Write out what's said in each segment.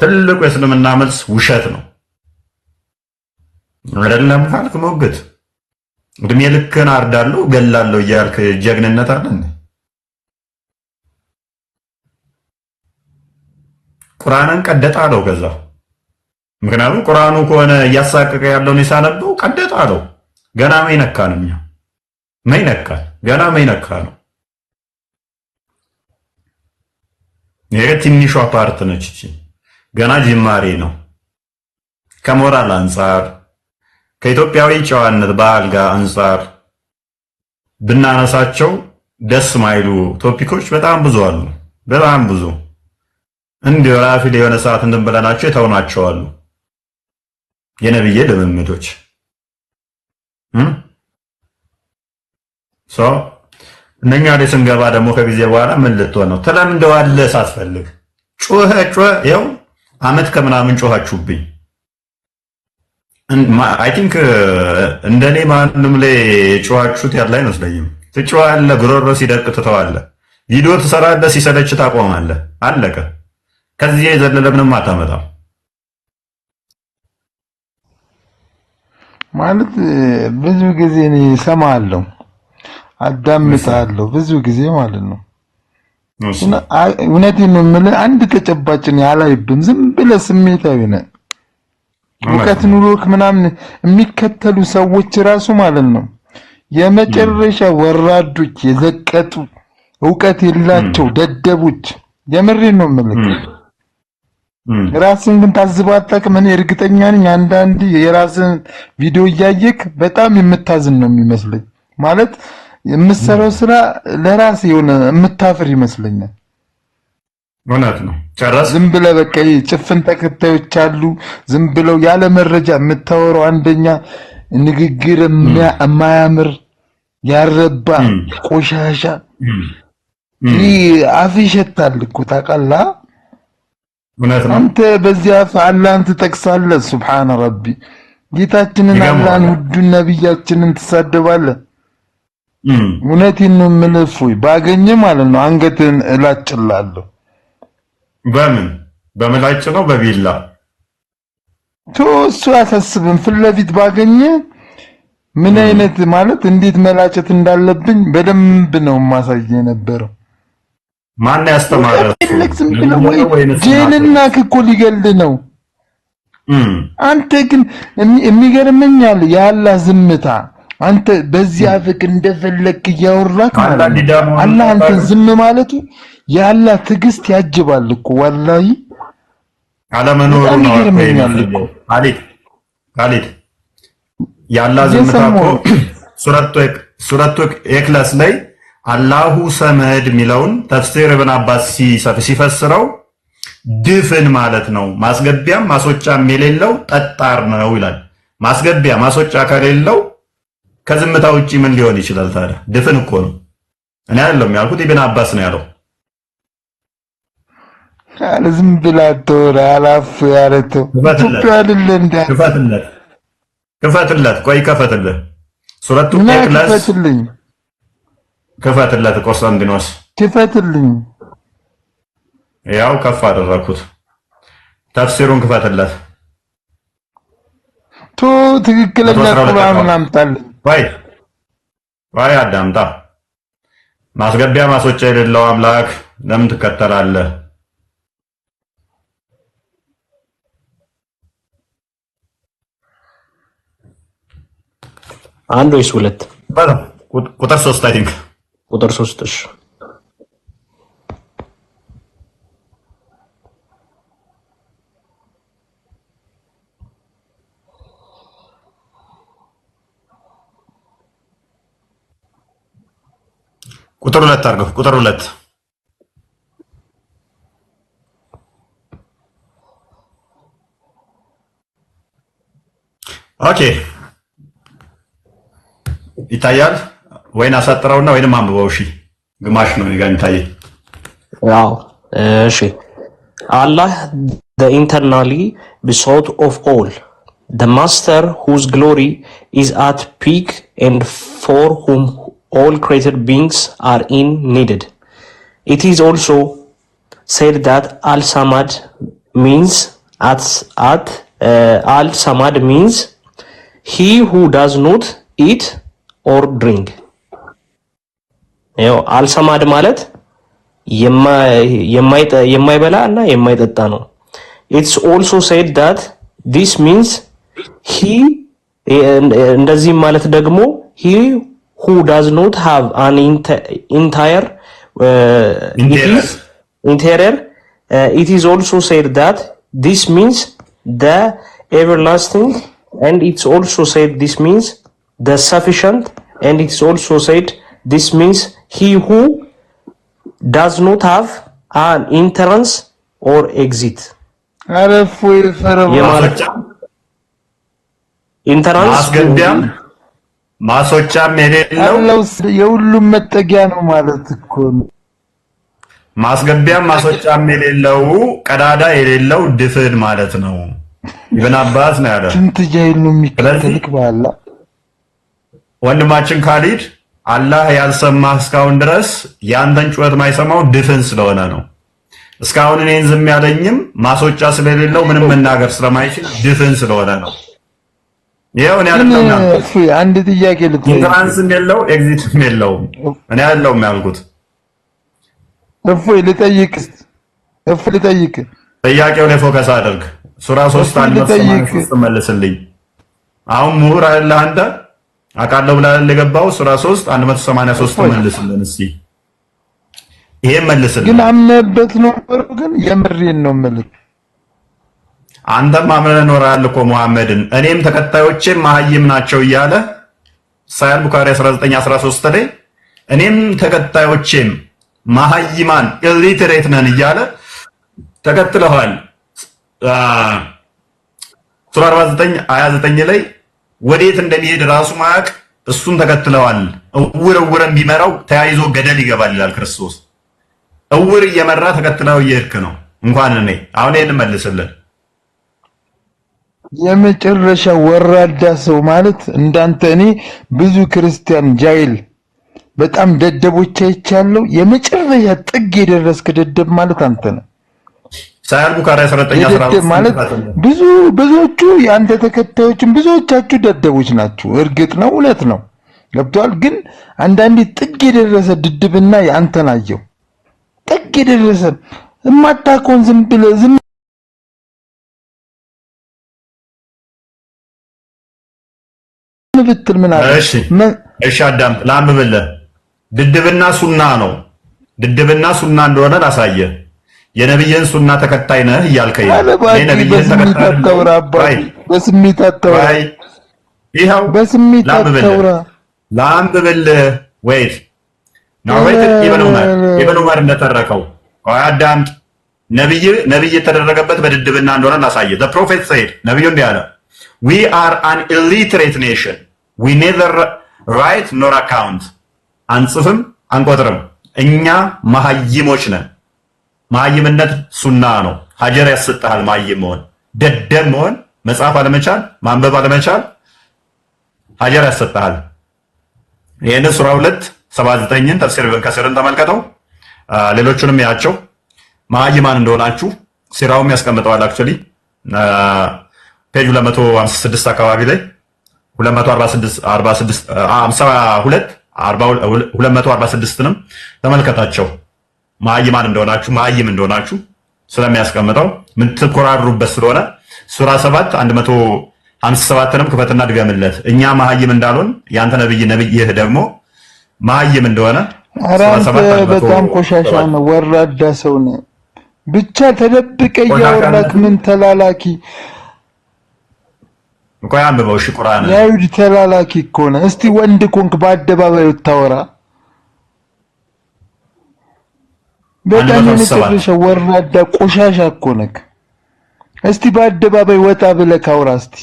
ትልቁ የእስልምና መልስ ውሸት ነው። አይደለም ካልክ ሞግት። እድሜ ልክን አርዳለሁ ገላለሁ እያልክ ጀግንነት አለ። ቁርአንን ቀደጣ አለው ገዛ። ምክንያቱም ቁርአኑ ከሆነ እያሳቀቀ ያለውን የሳነበው ቀደጣ አለው። ገና መይነካ ነው እኛ መይነካ ገና መይነካ ነው። ይሄ ትንሿ ፓርት ነች። ገና ጅማሬ ነው። ከሞራል አንጻር ከኢትዮጵያዊ ጨዋነት ባህል ጋር አንጻር ብናነሳቸው ደስ ማይሉ ቶፒኮች በጣም ብዙ አሉ። በጣም ብዙ እንዲሁ ራፊ የሆነ ሰዓት እንድንበላናቸው የተውናቸው አሉ። የነብዬ ልምምዶች እነኛ ላይ ስንገባ ደግሞ ከጊዜ በኋላ ምን ልትሆን ነው? ተለምደዋለህ ሳትፈልግ ጩኸ ጩኸ ይኸው አመት ከምናምን ጮኋችሁብኝ። አይ ቲንክ እንደኔ ማንም ላይ ጮኋችሁት ያለ አይመስለኝም። ትጮኻለህ፣ ጉሮሮ ሲደርቅ ትተዋለህ፣ ቪዲዮ ትሰራለህ፣ ሲሰለች ታቆማለህ። አለቀ። ከዚህ የዘለለ ምንም አታመጣም። ማለት uh, ብዙ ጊዜ እኔ እሰማለሁ፣ አዳምጣለሁ ብዙ ጊዜ ማለት ነው እውነቴን ነው የምልህ። አንድ ተጨባጭን ያላይብን ዝም ብለህ ስሜታዊ ነህ። እውቀት ኑሮክ ምናምን የሚከተሉ ሰዎች ራሱ ማለት ነው የመጨረሻ ወራዶች፣ የዘቀጡ እውቀት የላቸው ደደቦች። የምሬን ነው የምልህ። ራስን ግን ታዝበህ አታውቅም። እኔ እርግጠኛ ነኝ አንዳንድ የራስን ቪዲዮ እያየክ በጣም የምታዝን ነው የሚመስለኝ ማለት የምትሰራው ስራ ለራስ የሆነ የምታፍር ይመስለኛል። እውነት ነው። ጨረስ ዝም ብለህ በቃ ጭፍን ተከታዮች አሉ። ዝም ብለው ያለ መረጃ የምታወራው አንደኛ ንግግር የማያምር ያረባ ቆሻሻ። ይህ አፍ ይሸታል እኮ ታውቃለህ። አንተ በዚህ አፍ አላህን ትጠቅሳለህ። ረቢ ጌታችንን አላህን ውዱን ነብያችንን ትሳደባለህ። እውነቴን ነው የምልህ። እፎይ ባገኘ ማለት ነው አንገትን እላጭላለሁ። በምን በምላጭ ነው? በቢላ ቶ እሱ አያሳስብም። ፊት ለፊት ባገኘ ምን አይነት ማለት እንዴት መላጨት እንዳለብኝ በደንብ ነው ማሳየ የነበረው። ማን ያስተማረ? ጄልና ሊገል ነው። አንተ ግን የሚገርመኛል ያላ ዝምታ አንተ በዚህ አፍክ እንደፈለክ እያወራክ አላህ አንተን ዝም ማለቱ የአላህ ትዕግስት ያጅባል እኮ ዋላሂ አለመኖሩ ነው አሊድ አሊድ የአላህ ዝምታ እኮ ሱረቱ ኢኽላስ ላይ አላሁ ሰመድ የሚለውን ተፍሲር ኢብን አባስ ሲሰፍ ሲፈስረው ድፍን ማለት ነው። ማስገቢያም ማስወጫም የሌለው ጠጣር ነው ይላል። ማስገቢያ ማስወጫ ከሌለው ከዝምታ ውጪ ምን ሊሆን ይችላል ታዲያ? ድፍን እኮ ነው። እኔ አይደለም ያልኩት ኢብን አባስ ነው ያለው። ዝም ብላቶ አላፍ ያለቶ ኢትዮጵያ ክፈትለት ክፈትለት፣ ቆይ ክፈትለት፣ ሱረቱ ኢክላስ ክፈትልኝ፣ ክፈትለት፣ ቆስጠንጢኖስ ክፈትልኝ። ያው ከፍ አደረኩት። ተፍሲሩን ክፈትለት። ቱ ትክክለኛ ቁርአኑን አምጣልኝ ወይ ወይ አዳምጣ ማስገቢያ ማስወጫ የሌለው አምላክ ለምን ትከተላለህ? አንድ ወይስ ሁለት? ቁጥር ሶስት አይ ቲንክ ቁጥር ሶስት እሺ ቁጥር ሁለት አድርገው። ቁጥር ሁለት ኦኬ። ይታያል ወይን አሳጥረውና ወይንም አንብበው። እሺ፣ ግማሽ ነው የሚታየ። እሺ አላህ the internally besought of all the master whose glory is at peak and for whom all created beings are in needed. It is also said that al-samad means at at uh, al-samad means he who does not eat or drink. ያው አልሰማድ ማለት የማይበላ እና የማይጠጣ ነው። ኢትስ ኦልሶ ሴድ ዳት ዲስ ሚንስ ሂ እንደዚህም ማለት ደግሞ ሂ who does not have an entire uh, interior. interior. Uh, it is also said that this means the everlasting, and it's also said this means the sufficient, and it's also said this means he who does not have an entrance or exit. ኢንተራንስ ማሶቻም የሌለው የሁሉም መጠጊያ ነው ማለት እኮ ነው። ማስገቢያም ማሶጫም የሌለው ቀዳዳ የሌለው ድፍን ማለት ነው። ኢብን አባስ ነው ያለው። ስንት ጃይል ነው የሚከተልክ ባላ ወንድማችን ካሊድ አላህ ያልሰማህ እስካሁን ድረስ ያንተን ጩኸት ማይሰማው ድፍን ስለሆነ ነው። እስካሁን እኔን ዝም ያለኝም ማስወጫ ስለሌለው ምንም መናገር ስለማይችል ድፍን ስለሆነ ነው። ይሄው ነው ያለው። እሺ አንድ ጥያቄ ልትይ ኢንትራንስም የለው ኤግዚትም የለውም። እኔ አይደለሁም ያልኩት። እፎይ ልጠይቅ እፎይ ልጠይቅ። ጥያቄው ላይ ፎከስ አድርግ። ሱራ 3 አንድ መስማት መልስልኝ። አሁን ምሁር አይደለ አንተ አቃለው ብላ ለገባው ሱራ 3 183 መልስልን እስቲ ይሄን መልስልን። ግን አምነህበት ነው ግን የምሬን ነው መልክ አንተም አምነህ ኖረሃል እኮ መሐመድን እኔም ተከታዮቼም ማህይም ናቸው እያለ ሳያል ቡካሪ 1913 ላይ እኔም ተከታዮቼም ማህይማን ኢሊትሬት ነን እያለ ተከትለዋል። ሱራ 49 29 ላይ ወዴት እንደሚሄድ ራሱ ማያውቅ እሱን ተከትለዋል። እውር እውርን ቢመራው ተያይዞ ገደል ይገባል ይላል ክርስቶስ። እውር እየመራ ተከትለው እየሄድክ ነው። እንኳን እኔ አሁን ይህን መልስልን የመጨረሻ ወራዳ ሰው ማለት እንዳንተ እኔ ብዙ ክርስቲያን ጃይል በጣም ደደቦች አይቻለሁ። የመጨረሻ ጥግ የደረስክ ደደብ ማለት አንተ ነህ። ሳያል ቡካሪ 19 ማለት ብዙ ብዙዎቹ የአንተ ተከታዮችን ብዙዎቻችሁ ደደቦች ናችሁ። እርግጥ ነው እውነት ነው ገብቷል። ግን አንዳንዴ ጥግ የደረሰ ድድብና የአንተን አየው ጥግ የደረሰ እማታኮን ዝም ብለህ ዝም ብትል ምን አለ? እሺ እሺ፣ አዳም ላንብብልህ። ድድብና ሱና ነው። ድድብና ሱና እንደሆነ ላሳየ። የነብየን ሱና ተከታይ ነህ እያልከኝ የነብይን ተከታይ በስሜት አታውራ። ይኸው በስሜት አታውራ። ዑመር ዑመር እንደተረከው አዳም ነብይ ነብይ የተደረገበት በድድብና እንደሆነ ላሳየ። ዘ ፕሮፌት ሰይድ ነብዩ እንዲህ አለ ዊ አር አን ኢሊትሬት ኔሽን ዊ ኔዘር ራይት ኖር አካውንት አንጽፍም አንቆጥርም። እኛ መሀይሞች ነን። መሀይምነት ሱና ነው። ሀጀር ያሰጥሃል። መሀይም መሆን፣ ደደብ መሆን፣ መጻፍ አለመቻል፣ ማንበብ አለመቻል ሀጀር ያሰጥሃል። ይህን ሱራ ሁለት ሰባ ዘጠኝን ተፍሲር ብን ከሲርን ተመልከተው፣ ሌሎቹንም ያቸው መሀይማን እንደሆናችሁ ሲራውም ያስቀምጠዋል። አክቹዋሊ ፔጁ ለመቶ ሃምሳ ስድስት አካባቢ ላይ 246ንም ተመልከታቸው መሀይማን እንደሆናችሁ መሀይም እንደሆናችሁ ስለሚያስቀምጠው ምን ትኮራሩበት ስለሆነ ሱራ 7 157ንም ክፈትና ድገምለት እኛ መሀይም እንዳልሆን ያንተ ነብይ ነብይ ይህ ደግሞ መሀይም እንደሆነ በጣም ቆሻሻ ነው፣ ወራዳ ሰው ነው። ብቻ ተደብቀ እያወራክ ምን ተላላኪ እንኳን አንብበው። እሺ ቁርአን የአይሁድ ተላላኪ እኮ ነህ። እስቲ ወንድ ኮንክ በአደባባይ ብታወራ በጣም የመጨረሻ ወራዳ ቆሻሻ እኮ ነህ። እስቲ በአደባባይ ወጣ ብለህ ካውራ እስቲ።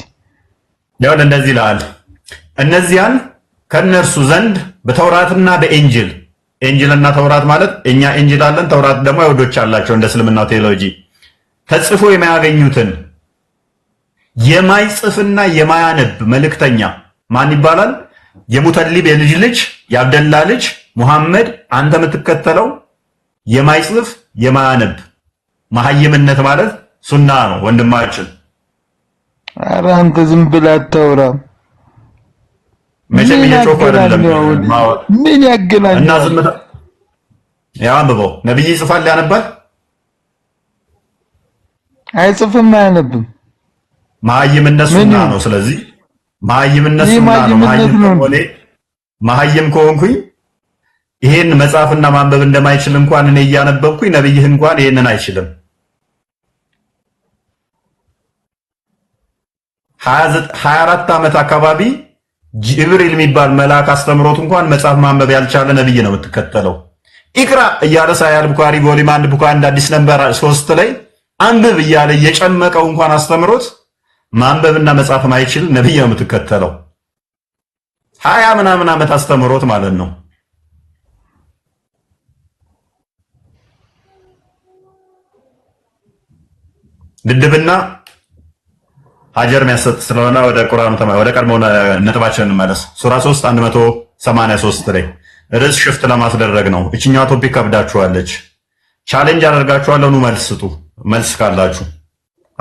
ያው እንደዚህ ይልሃል። እነዚያን ከነርሱ ዘንድ በተውራትና በኤንጅል ኤንጅልና ተውራት ማለት እኛ ኤንጅል አለን፣ ተውራት ደግሞ አይሁዶች አላቸው እንደ እስልምናው ቴዎሎጂ ተጽፎ የማያገኙትን የማይጽፍና የማያነብ መልእክተኛ ማን ይባላል? የሙተሊብ የልጅ ልጅ የአብደላ ልጅ ሙሐመድ አንተ የምትከተለው የማይጽፍ የማያነብ መሀይምነት ማለት ሱና ነው ወንድማችን። ኧረ አንተ ዝም ብለህ አታውራም። መቼም እየጮኩ አይደለም። ምን ያገናኛል? እና ዝም ያው አንብበው ነብይ ይጽፋል ያነባል? አይጽፍም አያነብም መሀይም እነሱና ነው። ስለዚህ መሀይም ነው። መሀይም ከሆንኩኝ ይሄን መጻፍና ማንበብ እንደማይችል እንኳን እኔ እያነበብኩኝ ነብይህ እንኳን ይሄንን አይችልም። 24 አራት ዓመት አካባቢ ጅብሪል የሚባል መልአክ አስተምሮት እንኳን መጽሐፍ ማንበብ ያልቻለ ነብይ ነው የምትከተለው። ኢቅራ እያለ ሳያል ቡካሪ ቮሊም አንድ ቡካ አዲስ ነንበር ሶስት ላይ አንብብ እያለ የጨመቀው እንኳን አስተምሮት ማንበብና መጻፍ ማይችል ነብይ ነው የምትከተለው። ሀያ ምናምን ዓመት አስተምሮት ማለት ነው። ድድብና ሀጀር የሚያሰጥ ስለሆነ ወደ ቁርአኑ ተማ ወደ ቀድሞ ነጥባችን እንመለስ። ሱራ 3 183 ላይ ርዕስ ሽፍት ለማስደረግ ነው። እችኛዋ ቶፒክ ከብዳችኋለች። ቻሌንጅ አደርጋችኋለሁ። ኑ መልስ ስጡ። መልስ ካላችሁ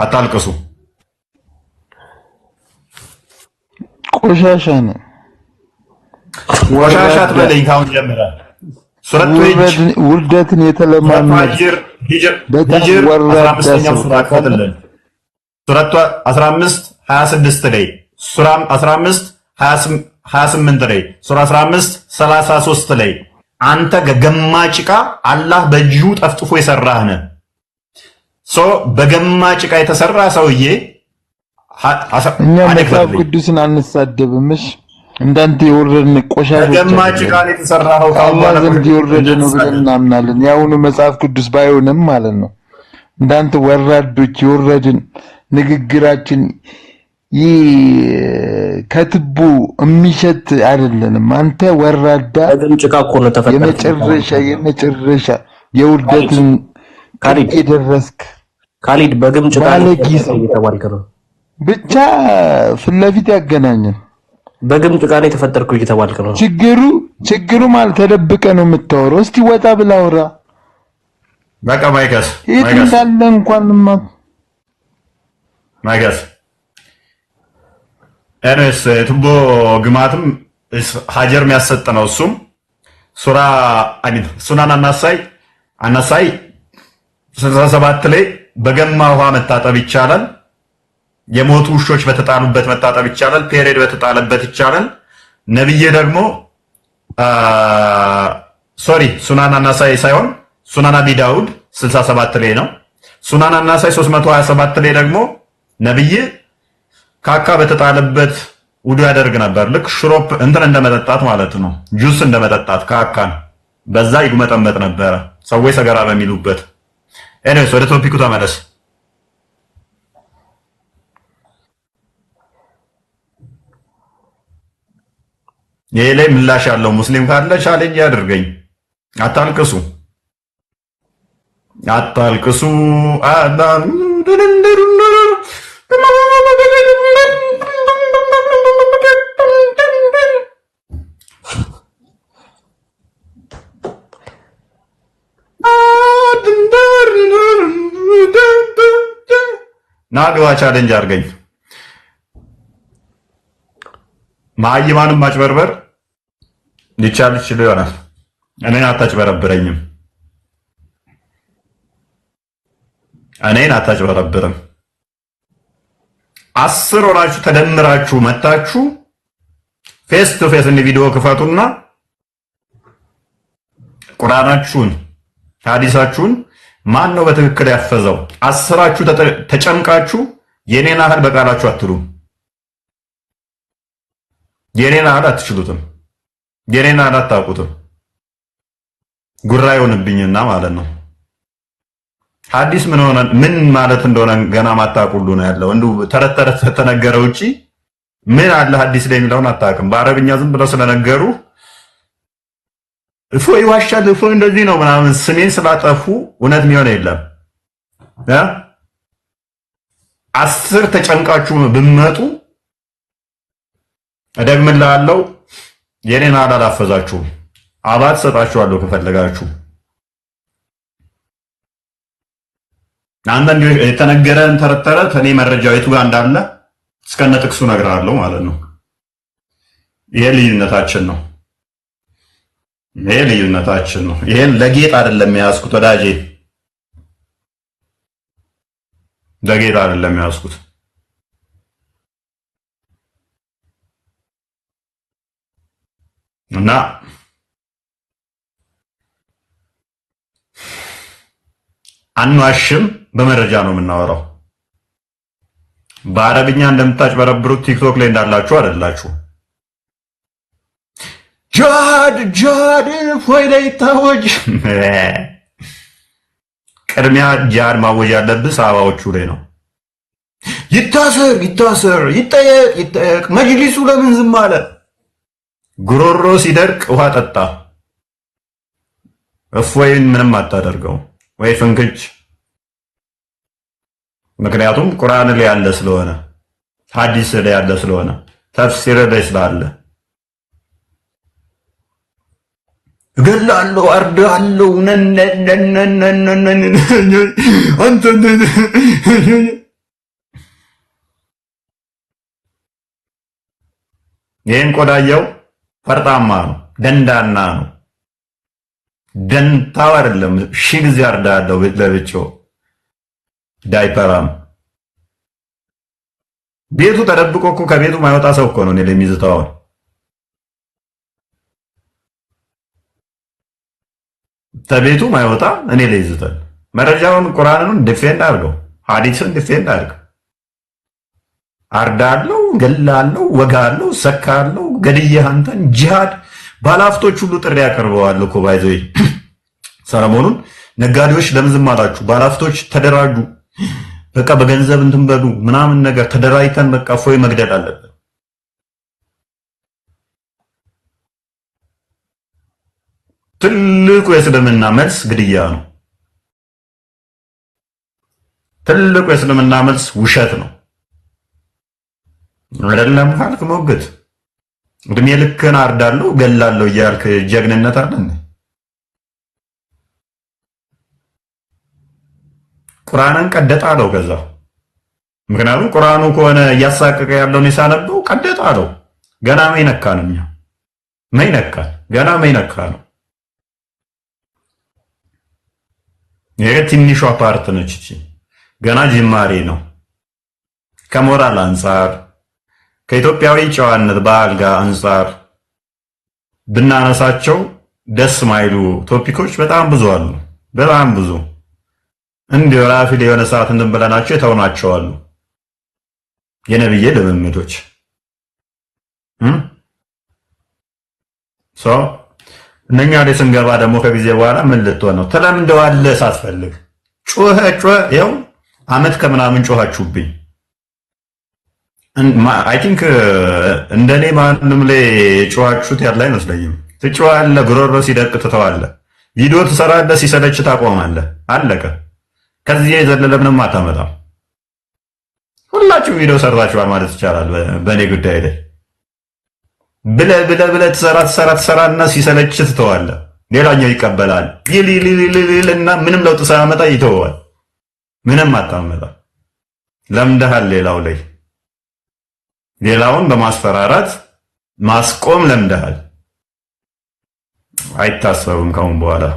አታልቅሱ። ቆሻሻ ነን። ቆሻሻ ትበለኝ ካሁን ጀምረህ ውርደትን የተለማመድ በጣም ወራዳ ሰው ሱረቱ 15 26 ላይ ሱራ 15 28 ላይ ሱራ 15 33 ላይ አንተ ገማጭ ዕቃ አላህ በእጁ ጠፍጥፎ የሰራህ ነህ። ሶ በገማጭ ዕቃ የተሰራ ሰውዬ እኛ መጽሐፍ ቅዱስን አንሳደብምሽ እንዳንተ የወረድን ቆሻሾች ከአላህ ዘንድ የወረደ ነው ብለን እናምናለን። የአሁኑ መጽሐፍ ቅዱስ ባይሆንም ማለት ነው። እንዳንተ ወራዶች የወረድን ንግግራችን ይህ ከትቡ የሚሸት አይደለንም። አንተ ወራዳ የመጨረሻ የመጨረሻ የውርደትን የደረስክ ካሊድ በግምጭ ቃል እየተባልክ ነው ብቻ ፊት ለፊት ያገናኘን። በግም ጥቃኔ ነው የተፈጠርኩ እየተባልክ ነው። ችግሩ ችግሩ ማለት ተደብቀ ነው የምታወራው። እስቲ ወጣ ብላ አውራ። በቃ ማይከስ የት እንዳለ እንኳን ማይከስ ኤንስ ቱቦ ግማትም ሀጀር የሚያሰጥ ነው። እሱም ሱራ አሚን ሱናን አናሳይ አናሳይ 67 ላይ በገማ ውሃ መታጠብ ይቻላል። የሞቱ ውሾች በተጣሉበት መታጠብ ይቻላል። ፔሬድ በተጣለበት ይቻላል። ነብዬ ደግሞ ሶሪ ሱናና ናሳይ ሳይሆን ሱናን አቢ ዳውድ 67 ላይ ነው። ሱናና ናሳይ 327 ላይ ደግሞ ነብዬ ካካ በተጣለበት ውዱ ያደርግ ነበር። ልክ ሽሮፕ እንትን እንደመጠጣት ማለት ነው። ጁስ እንደመጠጣት ካካን በዛ ይጉመጠመጥ ነበረ ሰዎች ሰገራ በሚሉበት። ኤኒዌይስ ወደ ቶፒኩ ተመለስ። ይሄ ላይ ምላሽ ያለው ሙስሊም ካለ ቻሌንጅ ያድርገኝ። አታልቅሱ፣ አታልቅሱ አዳም ቻሌንጅ አድርገኝ። ማይማንም ማጭበርበር ሊቻል ይችሉ ይሆናል። እኔን አታጭበረብረኝም። እኔን አታጭበረብርም። አስር ሆናችሁ ተደምራችሁ መታችሁ ፌስ ቱ ፌስ እንዲ ቪዲዮ ክፈቱና ቁርአናችሁን ሐዲሳችሁን ማን ነው በትክክል ያፈዘው? አስራችሁ ተጨምቃችሁ የኔን አህል በቃላችሁ አትሉም። የኔን አህል አትችሉትም። የኔን አላታውቁትም። ጉራ ይሆንብኝና ማለት ነው። ሐዲስ ምን ሆነ ምን ማለት እንደሆነ ገና ማታቁሉ ነው ያለው። እንዱ ተረት ተረት ተነገረ ውጪ ምን አለ ሐዲስ ላይ የሚለውን አታውቅም። በአረብኛ ዝም ብለው ስለነገሩ እፎይ ይዋሻል፣ እፎይ እንደዚህ ነው ምናምን ስሜን ስላጠፉ እውነት የሚሆን የለም። አስር ተጨንቃችሁ ብመጡ እደግምላለሁ የኔን አላላፈዛችሁም። አባት ሰጣችኋለሁ ከፈለጋችሁ። አንዳንድ የተነገረን ተረተረ እኔ መረጃ የቱ ጋር እንዳለ እስከነ ጥቅሱ እነግርሃለሁ ማለት ነው። ይሄ ልዩነታችን ነው። ይሄ ልዩነታችን ነው። ይሄን ለጌጥ አይደለም የያዝኩት ወዳጄ፣ ለጌጥ አይደለም የያዝኩት። እና አንዋሽም፣ በመረጃ ነው የምናወራው። በአረብኛ እንደምታጭበረብሩት ቲክቶክ ላይ እንዳላችሁ አይደላችሁ። ጃድ ጃድ ፎይ ላይ ታወጅ። ቅድሚያ ጃድ ማወጅ ያለብህ ሰባዎቹ ላይ ነው። ይታሰር ይታሰር፣ ይጠየቅ ይጠየቅ። መጅሊሱ ለምን ዝም አለ? ጉሮሮ ሲደርቅ ውሃ ጠጣ። እፎይን ምንም አታደርገው ወይ ፍንክች። ምክንያቱም ቁርአን ላይ ያለ ስለሆነ፣ ሐዲስ ላይ ያለ ስለሆነ፣ ተፍሲር ላይ ስላለ እገላለሁ አርዳለሁ አንተ ይህን ቆዳየው ፈርጣማ ነው፣ ደንዳና ነው። ደንታው አይደለም። ሺ ጊዜ አርዳለሁ ለብቻው ዳይፐራም ቤቱ ተደብቆ እኮ ከቤቱ ማይወጣ ሰው እኮ ነው ለሚዝታው። ከቤቱ ማይወጣ እኔ ለይዝታል። መረጃውን ቁርአንን ዲፌንድ አድርገው፣ ሐዲስን ዲፌንድ አድርገው አርዳለሁ አለው፣ ሰካ ሰካለሁ፣ ገድዬ አንተን ጂሃድ ባለሀብቶች ሁሉ ጥሪ ያቀርበዋል እኮ ባይዘ ሰለሞኑን ነጋዴዎች ለምን ዝም አላችሁ? ባለሀብቶች ተደራጁ፣ በቃ በገንዘብ እንትን በሉ ምናምን ነገር ተደራጅተን በቃ ፎይ መግደል አለብን። ትልቁ የእስልምና መልስ ግድያ ነው። ትልቁ የእስልምና መልስ ውሸት ነው። አይደለም ካልክ ሞግት። እድሜ ልክህን አርዳለሁ ገላለሁ እያልክ ጀግንነት አለ እንዴ? ቁርአንን ቀደጣ አለው ከዛ። ምክንያቱም ቁርአኑ ከሆነ እያሳቀቀ ያለውን የሳነበው ቀደጣ አለው። ገና መይነካ ነው እኛ መይነካ ገና መይነካ ነው። ይሄ ትንሿ ፓርት ነች። ገና ጅማሬ ነው ከሞራል አንጻር ከኢትዮጵያዊ ጨዋነት ባህል ጋር አንፃር ብናነሳቸው ደስ ማይሉ ቶፒኮች በጣም ብዙ አሉ። በጣም ብዙ እንዲሁ ራፊ የሆነ ሰዓት እንትን የተውናቸው አሉ። የነብዬ ልምምዶች እነኛ ላይ ስንገባ ደግሞ ከጊዜ በኋላ ምን ልትሆን ነው? ተለምደዋለህ ሳትፈልግ ጩኸ ጩኸ ይኸው አመት ከምናምን ጮኋችሁብኝ። አይ ቲንክ እኔ ማንም ላይ ጨዋችሁት ያለ አይመስለኝም። ትጨዋለህ፣ ጉሮሮ ሲደቅ ትተዋለህ፣ ቪዲዮ ትሰራለህ፣ ሲሰለች ታቆማለህ። አለቀ። ከዚህ የዘለለ ምንም አታመጣም። ሁላችሁ ቪዲዮ ሰራችኋል ማለት ይቻላል። በእኔ ጉዳይ ላይ ብለህ ብለህ ብለህ ትሰራ ትሰራ ትሰራና ሲሰለች ትተዋለህ። ሌላኛው ይቀበላል ይልልልልልና ምንም ለውጥ ሳያመጣ ይተወዋል። ምንም አታመጣም። ለምደሃል ሌላው ላይ ሌላውን በማስፈራራት ማስቆም ለምደሃል። አይታሰብም ከአሁን በኋላ